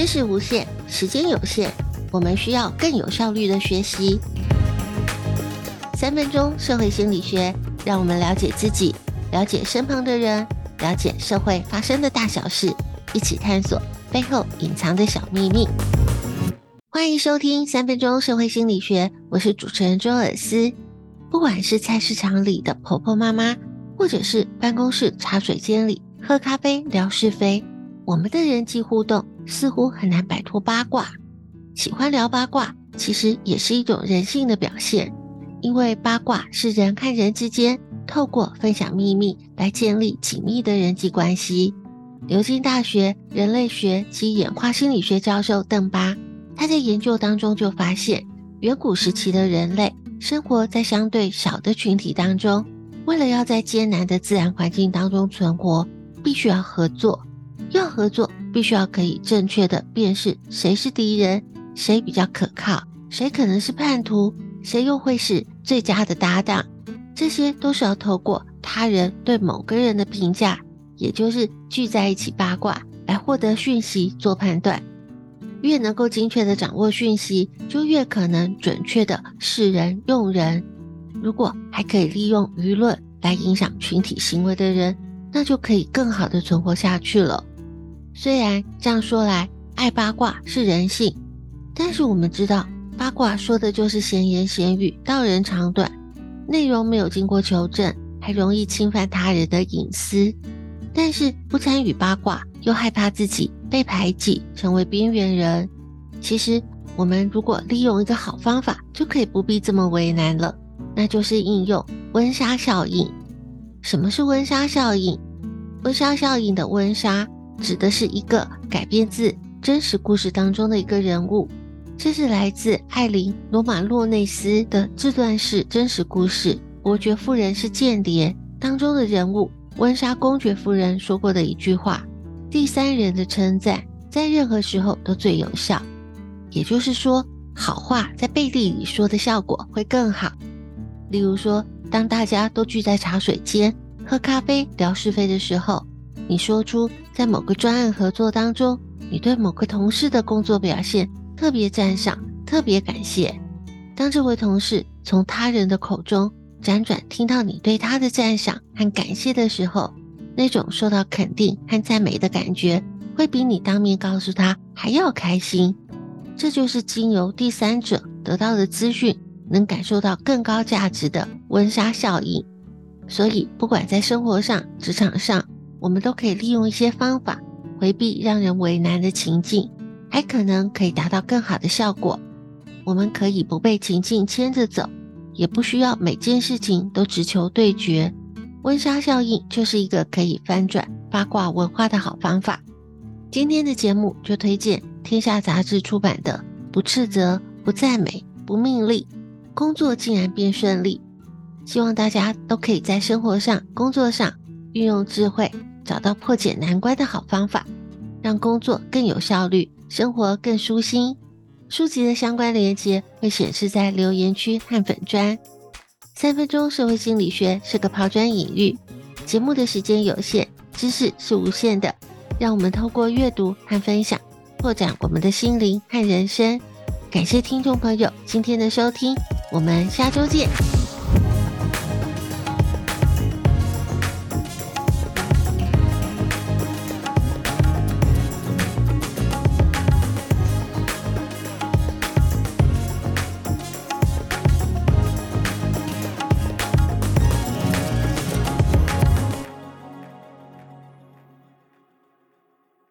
知識無限，時間有限，我們需要更有效率的學習。三分鐘社會心理學，讓我們了解自己，了解身旁的人，了解社會發生的大小事，一起探索背後隱藏的小秘密。歡迎收聽三分鐘社會心理學，我是主持人周爾思。不管是菜市場裡的婆婆媽媽，或者是辦公室茶水間裡喝咖啡聊是非，我們的人際互動。似乎很難擺脫八卦，喜歡聊八卦其實也是一種人性的表現，因為八卦是人看人之間透過分享祕密來建立緊密的人際關係。牛津大學人類學及演化心理學教授鄧巴，他在研究當中就發現，遠古時期的人類生活在相對小的群體當中，為了要在艱難的自然環境當中存活，必須要合作，要合作。必須要可以正確的辨識誰是敵人，誰比較可靠，誰可能是叛徒，誰又會是最佳的搭檔，這些都是要透過他人對某個人的評價，也就是聚在一起八卦，來獲得訊息做判斷。越能夠精確的掌握訊息，就越可能準確的識人用人。如果還可以利用輿論來影響群體行為的人，那就可以更好的存活下去了。雖然這樣說來，愛八卦是人性，但是我們知道，八卦說的就是閒言閒語、道人長短，內容沒有經過求證，還容易侵犯他人的隱私。但是不參與八卦，又害怕自己被排擠，成為邊緣人。其實，我們如果利用一個好方法，就可以不必這麼為難了。那就是應用溫莎效應。什麼是溫莎效應？溫莎效應的溫莎。指的是一個改編自真實故事當中的一個人物，這是來自艾琳·羅馬洛內斯的自傳式真實故事《伯爵夫人是間諜》當中的人物溫莎公爵夫人說過的一句話：“第三人的稱讚在任何時候都最有效。”也就是說，好話在背地裡說的效果會更好。例如說，當大家都聚在茶水間喝咖啡聊是非的時候，你說出。在某個專案合作當中，你對某個同事的工作表現特別讚賞，特別感謝。當這位同事從他人的口中輾轉聽到你對他的讚賞和感謝的時候，那種受到肯定和讚美的感覺，會比你當面告訴他還要開心。這就是經由第三者得到的資訊，能感受到更高價值的溫莎效應。所以，不管在生活上、職場上，我們都可以利用一些方法回避讓人為難的情境，還可能可以達到更好的效果。我們可以不被情境牽着走，也不需要每件事情都只求對決。溫莎效應就是一個可以翻轉八卦文化的好方法。今天的節目就推薦天下雜誌出版的《不斥責不、不讚美、不命令，工作竟然變順利》。希望大家都可以在生活上、工作上運用智慧。找到破解難關的好方法，讓工作更有效率，生活更舒心。書籍的相關連結會顯示在留言區和粉專。三分鐘社會心理學是個拋磚引玉，節目的時間有限，知識是無限的。讓我們透過閱讀和分享，拓展我們的心靈和人生。感謝聽眾朋友今天的收聽，我們下周見。